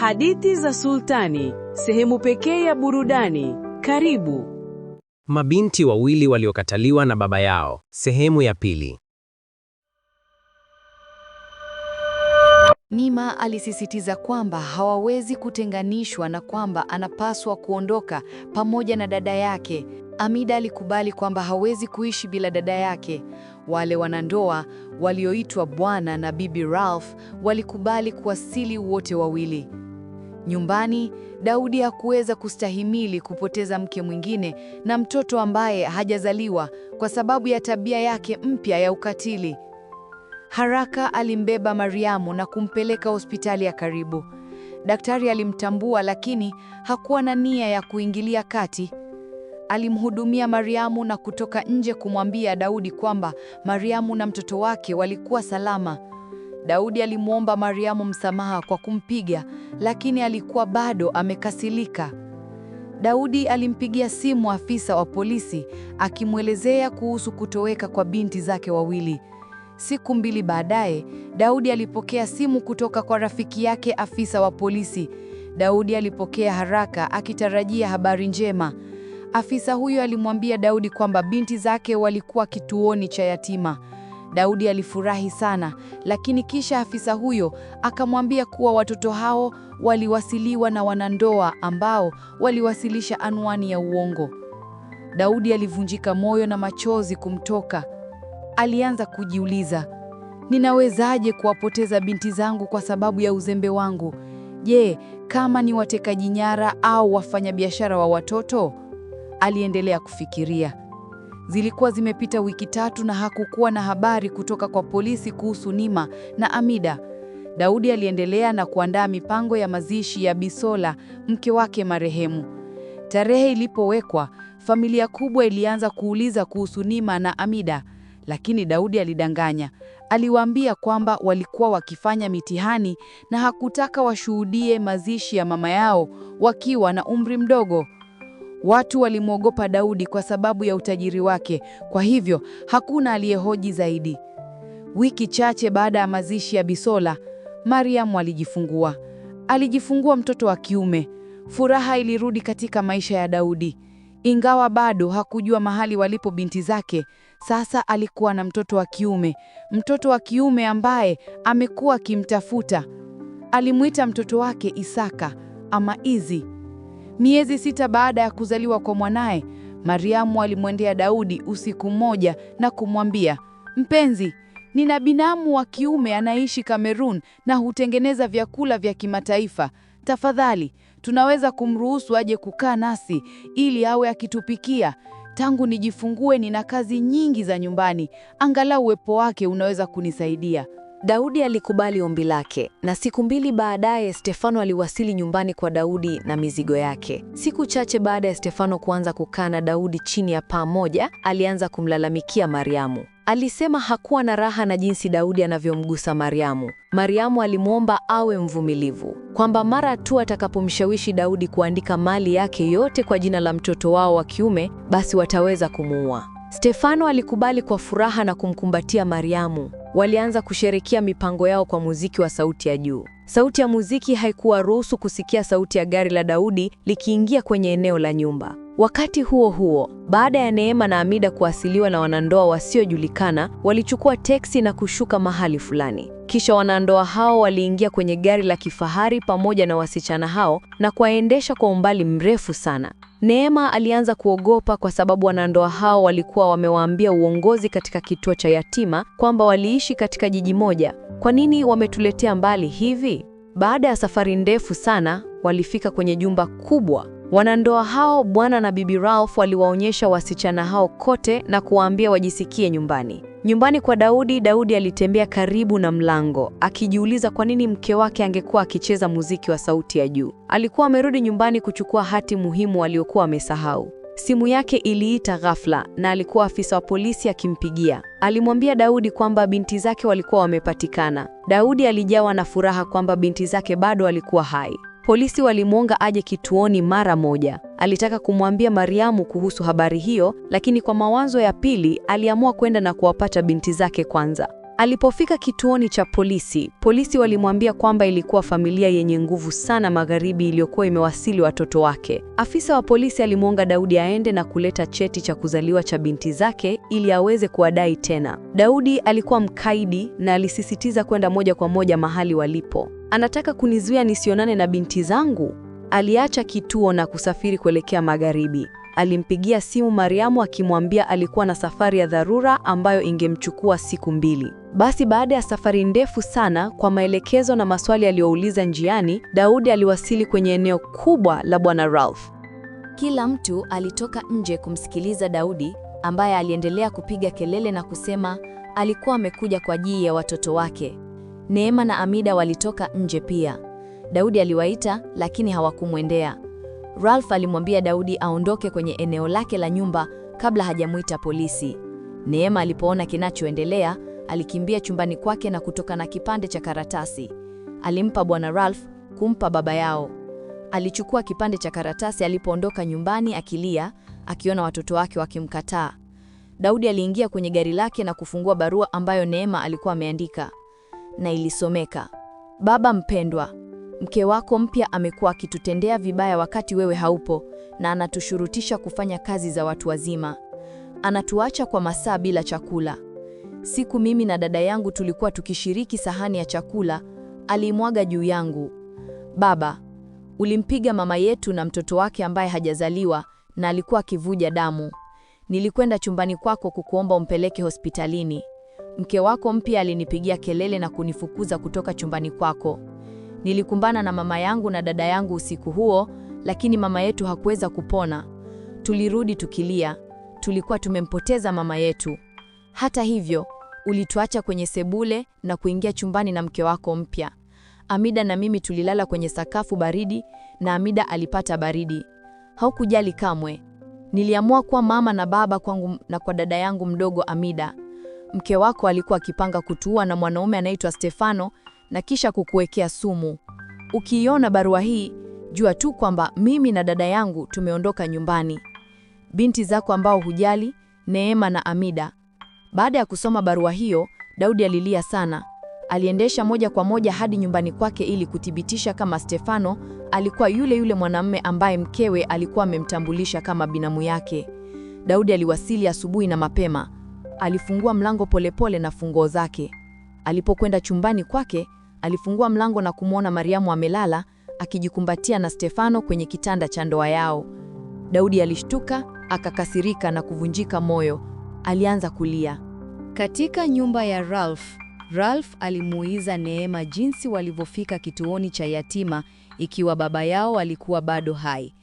Hadithi za Sultani, sehemu pekee ya burudani. Karibu. Mabinti wawili waliokataliwa na baba yao, sehemu ya pili. Nima alisisitiza kwamba hawawezi kutenganishwa na kwamba anapaswa kuondoka pamoja na dada yake. Amida alikubali kwamba hawezi kuishi bila dada yake. Wale wanandoa walioitwa bwana na bibi Ralph walikubali kuwasili wote wawili. Nyumbani, Daudi hakuweza kustahimili kupoteza mke mwingine na mtoto ambaye hajazaliwa kwa sababu ya tabia yake mpya ya ukatili. Haraka alimbeba Mariamu na kumpeleka hospitali ya karibu. Daktari alimtambua lakini hakuwa na nia ya kuingilia kati. Alimhudumia Mariamu na kutoka nje kumwambia Daudi kwamba Mariamu na mtoto wake walikuwa salama. Daudi alimwomba Mariamu msamaha kwa kumpiga, lakini alikuwa bado amekasirika. Daudi alimpigia simu afisa wa polisi akimwelezea kuhusu kutoweka kwa binti zake wawili. Siku mbili baadaye, Daudi alipokea simu kutoka kwa rafiki yake afisa wa polisi. Daudi alipokea haraka akitarajia habari njema. Afisa huyo alimwambia Daudi kwamba binti zake walikuwa kituoni cha yatima. Daudi alifurahi sana, lakini kisha afisa huyo akamwambia kuwa watoto hao waliwasiliwa na wanandoa ambao waliwasilisha anwani ya uongo. Daudi alivunjika moyo na machozi kumtoka. Alianza kujiuliza, ninawezaje kuwapoteza binti zangu kwa sababu ya uzembe wangu? Je, kama ni watekaji nyara au wafanyabiashara wa watoto? Aliendelea kufikiria. Zilikuwa zimepita wiki tatu na hakukuwa na habari kutoka kwa polisi kuhusu Nima na Amida. Daudi aliendelea na kuandaa mipango ya mazishi ya Bisola, mke wake marehemu. Tarehe ilipowekwa, familia kubwa ilianza kuuliza kuhusu Nima na Amida, lakini Daudi alidanganya. Aliwaambia kwamba walikuwa wakifanya mitihani na hakutaka washuhudie mazishi ya mama yao wakiwa na umri mdogo. Watu walimwogopa Daudi kwa sababu ya utajiri wake, kwa hivyo hakuna aliyehoji zaidi. Wiki chache baada ya mazishi ya Bisola, Mariamu alijifungua. Alijifungua mtoto wa kiume. Furaha ilirudi katika maisha ya Daudi. Ingawa bado hakujua mahali walipo binti zake, sasa alikuwa na mtoto wa kiume, mtoto wa kiume ambaye amekuwa akimtafuta. Alimwita mtoto wake Isaka ama Izi. Miezi sita baada ya kuzaliwa kwa mwanaye, Mariamu alimwendea Daudi usiku mmoja na kumwambia, mpenzi, nina binamu wa kiume anaishi Kamerun na hutengeneza vyakula vya kimataifa. Tafadhali, tunaweza kumruhusu aje kukaa nasi ili awe akitupikia. Tangu nijifungue nina kazi nyingi za nyumbani, angalau uwepo wake unaweza kunisaidia. Daudi alikubali ombi lake, na siku mbili baadaye Stefano aliwasili nyumbani kwa Daudi na mizigo yake. Siku chache baada ya Stefano kuanza kukaa na Daudi chini ya paa moja, alianza kumlalamikia Mariamu. Alisema hakuwa na raha na jinsi Daudi anavyomgusa Mariamu. Mariamu alimwomba awe mvumilivu, kwamba mara tu atakapomshawishi Daudi kuandika mali yake yote kwa jina la mtoto wao wa kiume, basi wataweza kumuua. Stefano alikubali kwa furaha na kumkumbatia Mariamu. Walianza kusherekea mipango yao kwa muziki wa sauti ya juu. Sauti ya muziki haikuwaruhusu kusikia sauti ya gari la Daudi likiingia kwenye eneo la nyumba. Wakati huo huo, baada ya Neema na Amida kuasiliwa na wanandoa wasiojulikana, walichukua teksi na kushuka mahali fulani. Kisha wanandoa hao waliingia kwenye gari la kifahari pamoja na wasichana hao na kuwaendesha kwa umbali mrefu sana. Neema alianza kuogopa kwa sababu wanandoa hao walikuwa wamewaambia uongozi katika kituo cha yatima kwamba waliishi katika jiji moja. Kwa nini wametuletea mbali hivi? Baada ya safari ndefu sana, walifika kwenye jumba kubwa Wanandoa hao bwana na bibi Ralph waliwaonyesha wasichana hao kote na kuwaambia wajisikie nyumbani. Nyumbani kwa Daudi, Daudi alitembea karibu na mlango akijiuliza kwa nini mke wake angekuwa akicheza muziki wa sauti ya juu. Alikuwa amerudi nyumbani kuchukua hati muhimu aliyokuwa amesahau. Simu yake iliita ghafla na alikuwa afisa wa polisi akimpigia. Alimwambia Daudi kwamba binti zake walikuwa wamepatikana. Daudi alijawa na furaha kwamba binti zake bado alikuwa hai. Polisi walimwonga aje kituoni mara moja. Alitaka kumwambia Mariamu kuhusu habari hiyo, lakini kwa mawazo ya pili aliamua kwenda na kuwapata binti zake kwanza. Alipofika kituoni cha polisi, polisi walimwambia kwamba ilikuwa familia yenye nguvu sana magharibi iliyokuwa imewasili watoto wake. Afisa wa polisi alimwonga Daudi aende na kuleta cheti cha kuzaliwa cha binti zake ili aweze kuwadai tena. Daudi alikuwa mkaidi na alisisitiza kwenda moja kwa moja mahali walipo anataka kunizuia nisionane na binti zangu. Aliacha kituo na kusafiri kuelekea magharibi. Alimpigia simu Mariamu akimwambia alikuwa na safari ya dharura ambayo ingemchukua siku mbili. Basi baada ya safari ndefu sana, kwa maelekezo na maswali aliyouliza njiani, Daudi aliwasili kwenye eneo kubwa la Bwana Ralph. Kila mtu alitoka nje kumsikiliza Daudi ambaye aliendelea kupiga kelele na kusema alikuwa amekuja kwa ajili ya watoto wake. Neema na Amida walitoka nje pia. Daudi aliwaita lakini hawakumwendea. Ralph alimwambia Daudi aondoke kwenye eneo lake la nyumba kabla hajamuita polisi. Neema alipoona kinachoendelea, alikimbia chumbani kwake na kutoka na kipande cha karatasi. Alimpa Bwana Ralph kumpa baba yao. Alichukua kipande cha karatasi alipoondoka nyumbani akilia, akiona watoto wake wakimkataa. Daudi aliingia kwenye gari lake na kufungua barua ambayo Neema alikuwa ameandika na ilisomeka: Baba mpendwa, mke wako mpya amekuwa akitutendea vibaya wakati wewe haupo, na anatushurutisha kufanya kazi za watu wazima. Anatuacha kwa masaa bila chakula. Siku mimi na dada yangu tulikuwa tukishiriki sahani ya chakula, aliimwaga juu yangu. Baba, ulimpiga mama yetu na mtoto wake ambaye hajazaliwa na alikuwa akivuja damu. Nilikwenda chumbani kwako kukuomba umpeleke hospitalini. Mke wako mpya alinipigia kelele na kunifukuza kutoka chumbani kwako. Nilikumbana na mama yangu na dada yangu usiku huo, lakini mama yetu hakuweza kupona. Tulirudi tukilia, tulikuwa tumempoteza mama yetu. Hata hivyo, ulituacha kwenye sebule na kuingia chumbani na mke wako mpya. Amida na mimi tulilala kwenye sakafu baridi na Amida alipata baridi. Haukujali kamwe. Niliamua kuwa mama na baba kwangu na kwa dada yangu mdogo Amida. Mke wako alikuwa akipanga kutuua na mwanaume anaitwa Stefano na kisha kukuwekea sumu. Ukiiona barua hii, jua tu kwamba mimi na dada yangu tumeondoka nyumbani. Binti zako ambao hujali, Neema na Amida. Baada ya kusoma barua hiyo, Daudi alilia sana. Aliendesha moja kwa moja hadi nyumbani kwake ili kuthibitisha kama Stefano alikuwa yule yule mwanamume ambaye mkewe alikuwa amemtambulisha kama binamu yake. Daudi aliwasili asubuhi na mapema. Alifungua mlango polepole na funguo zake. Alipokwenda chumbani kwake, alifungua mlango na kumwona Mariamu amelala akijikumbatia na Stefano kwenye kitanda cha ndoa yao. Daudi alishtuka, akakasirika na kuvunjika moyo. Alianza kulia. Katika nyumba ya Ralph, Ralph alimuuliza Neema jinsi walivyofika kituoni cha yatima ikiwa baba yao alikuwa bado hai.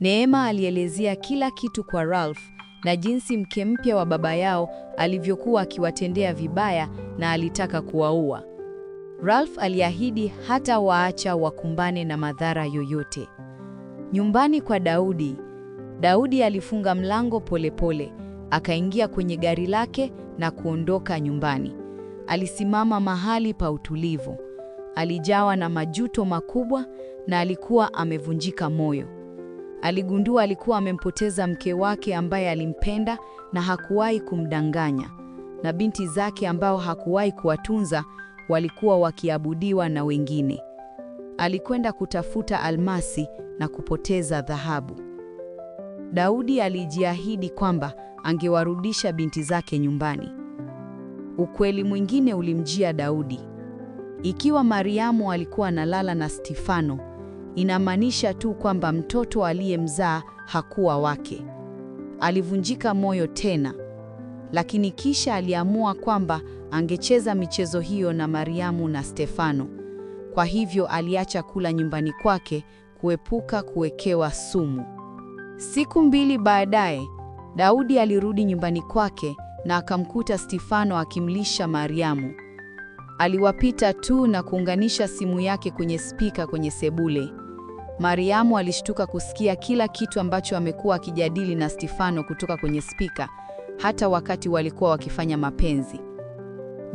Neema alielezea kila kitu kwa Ralph na jinsi mke mpya wa baba yao alivyokuwa akiwatendea vibaya na alitaka kuwaua. Ralph aliahidi hata waacha wakumbane na madhara yoyote. Nyumbani kwa Daudi, Daudi alifunga mlango polepole, akaingia kwenye gari lake na kuondoka nyumbani. Alisimama mahali pa utulivu. Alijawa na majuto makubwa na alikuwa amevunjika moyo. Aligundua alikuwa amempoteza mke wake ambaye alimpenda na hakuwahi kumdanganya, na binti zake ambao hakuwahi kuwatunza walikuwa wakiabudiwa na wengine. Alikwenda kutafuta almasi na kupoteza dhahabu. Daudi alijiahidi kwamba angewarudisha binti zake nyumbani. Ukweli mwingine ulimjia Daudi. Ikiwa Mariamu alikuwa analala na Stefano, inamaanisha tu kwamba mtoto aliyemzaa hakuwa wake. Alivunjika moyo tena, lakini kisha aliamua kwamba angecheza michezo hiyo na Mariamu na Stefano. Kwa hivyo aliacha kula nyumbani kwake kuepuka kuwekewa sumu. Siku mbili baadaye, Daudi alirudi nyumbani kwake na akamkuta Stefano akimlisha Mariamu. Aliwapita tu na kuunganisha simu yake kwenye spika kwenye sebule. Mariamu alishtuka kusikia kila kitu ambacho amekuwa akijadili na Stefano kutoka kwenye spika, hata wakati walikuwa wakifanya mapenzi.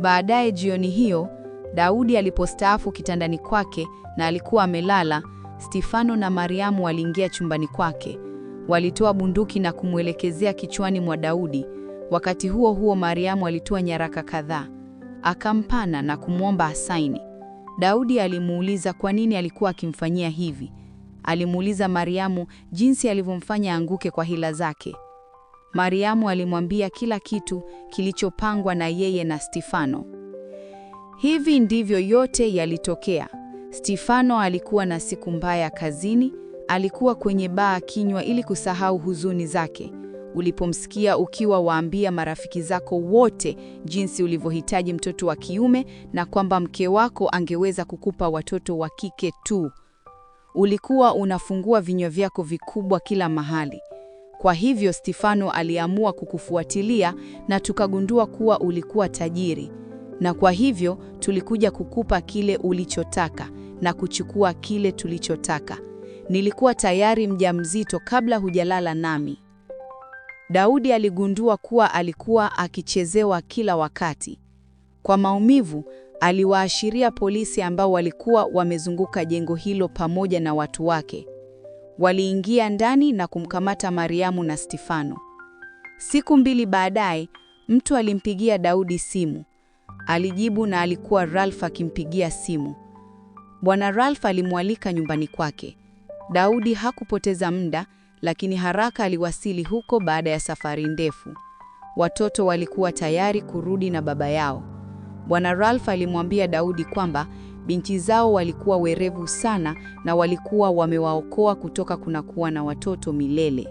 Baadaye jioni hiyo, Daudi alipostaafu kitandani kwake na alikuwa amelala, Stefano na Mariamu waliingia chumbani kwake. Walitoa bunduki na kumwelekezea kichwani mwa Daudi. Wakati huo huo, Mariamu alitoa nyaraka kadhaa, akampana na kumwomba asaini. Daudi alimuuliza kwa nini alikuwa akimfanyia hivi alimuuliza Mariamu jinsi alivyomfanya anguke kwa hila zake. Mariamu alimwambia kila kitu kilichopangwa na yeye na Stefano. Hivi ndivyo yote yalitokea. Stefano alikuwa na siku mbaya kazini, alikuwa kwenye baa kinywa ili kusahau huzuni zake. Ulipomsikia ukiwa waambia marafiki zako wote jinsi ulivyohitaji mtoto wa kiume na kwamba mke wako angeweza kukupa watoto wa kike tu. Ulikuwa unafungua vinywa vyako vikubwa kila mahali. Kwa hivyo Stefano aliamua kukufuatilia na tukagundua kuwa ulikuwa tajiri. Na kwa hivyo tulikuja kukupa kile ulichotaka na kuchukua kile tulichotaka. Nilikuwa tayari mjamzito kabla hujalala nami. Daudi aligundua kuwa alikuwa akichezewa kila wakati. Kwa maumivu, aliwaashiria polisi ambao walikuwa wamezunguka jengo hilo pamoja na watu wake. Waliingia ndani na kumkamata Mariamu na Stefano. Siku mbili baadaye, mtu alimpigia Daudi simu. Alijibu na alikuwa Ralph akimpigia simu. Bwana Ralph alimwalika nyumbani kwake. Daudi hakupoteza muda, lakini haraka aliwasili huko baada ya safari ndefu. Watoto walikuwa tayari kurudi na baba yao. Bwana Ralph alimwambia Daudi kwamba binti zao walikuwa werevu sana na walikuwa wamewaokoa kutoka kunakuwa na watoto milele.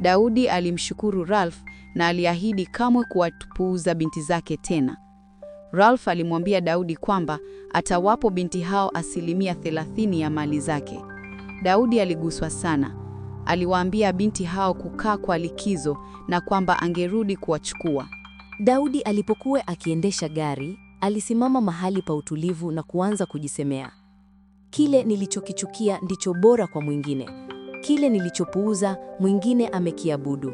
Daudi alimshukuru Ralph na aliahidi kamwe kuwatupuuza binti zake tena. Ralph alimwambia Daudi kwamba atawapo binti hao asilimia thelathini ya mali zake. Daudi aliguswa sana. Aliwaambia binti hao kukaa kwa likizo na kwamba angerudi kuwachukua. Daudi alipokuwa akiendesha gari, alisimama mahali pa utulivu na kuanza kujisemea. Kile nilichokichukia ndicho bora kwa mwingine. Kile nilichopuuza mwingine amekiabudu.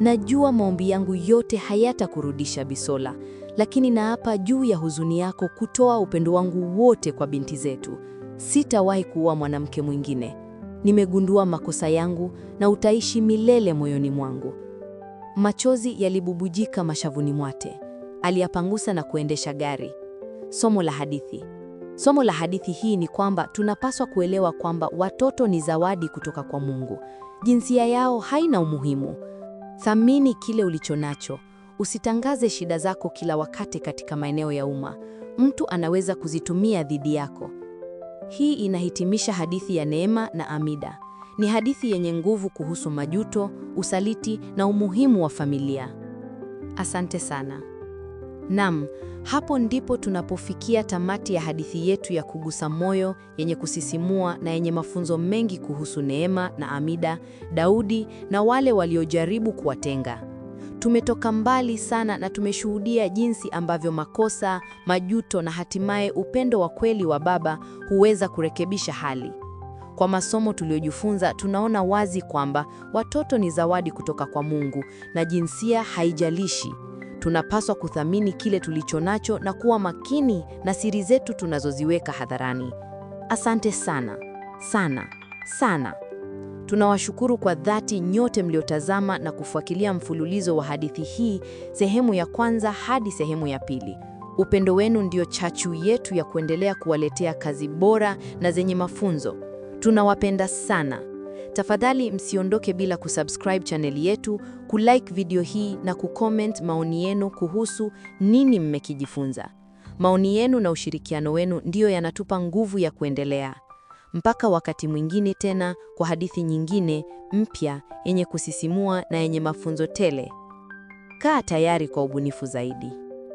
Najua maombi yangu yote hayatakurudisha Bisola, lakini naapa juu ya huzuni yako kutoa upendo wangu wote kwa binti zetu. Sitawahi kuoa mwanamke mwingine. Nimegundua makosa yangu na utaishi milele moyoni mwangu. Machozi yalibubujika mashavuni mwate. Aliyapangusa na kuendesha gari. Somo la hadithi. Somo la hadithi hii ni kwamba tunapaswa kuelewa kwamba watoto ni zawadi kutoka kwa Mungu. Jinsia yao haina umuhimu. Thamini kile ulicho nacho. Usitangaze shida zako kila wakati katika maeneo ya umma. Mtu anaweza kuzitumia dhidi yako. Hii inahitimisha hadithi ya Neema na Amida. Ni hadithi yenye nguvu kuhusu majuto, usaliti na umuhimu wa familia. Asante sana. Naam, hapo ndipo tunapofikia tamati ya hadithi yetu ya kugusa moyo, yenye kusisimua na yenye mafunzo mengi kuhusu Neema na Amida, Daudi na wale waliojaribu kuwatenga. Tumetoka mbali sana na tumeshuhudia jinsi ambavyo makosa, majuto na hatimaye upendo wa kweli wa baba huweza kurekebisha hali. Kwa masomo tuliyojifunza, tunaona wazi kwamba watoto ni zawadi kutoka kwa Mungu na jinsia haijalishi. Tunapaswa kuthamini kile tulicho nacho na kuwa makini na siri zetu tunazoziweka hadharani. Asante sana sana sana. Tunawashukuru kwa dhati nyote mliotazama na kufuatilia mfululizo wa hadithi hii, sehemu ya kwanza hadi sehemu ya pili. Upendo wenu ndio chachu yetu ya kuendelea kuwaletea kazi bora na zenye mafunzo. Tunawapenda sana. Tafadhali msiondoke bila kusubscribe chaneli yetu, kulike video hii na kucomment maoni yenu kuhusu nini mmekijifunza. Maoni yenu na ushirikiano wenu ndiyo yanatupa nguvu ya kuendelea. Mpaka wakati mwingine tena kwa hadithi nyingine mpya yenye kusisimua na yenye mafunzo tele. Kaa tayari kwa ubunifu zaidi.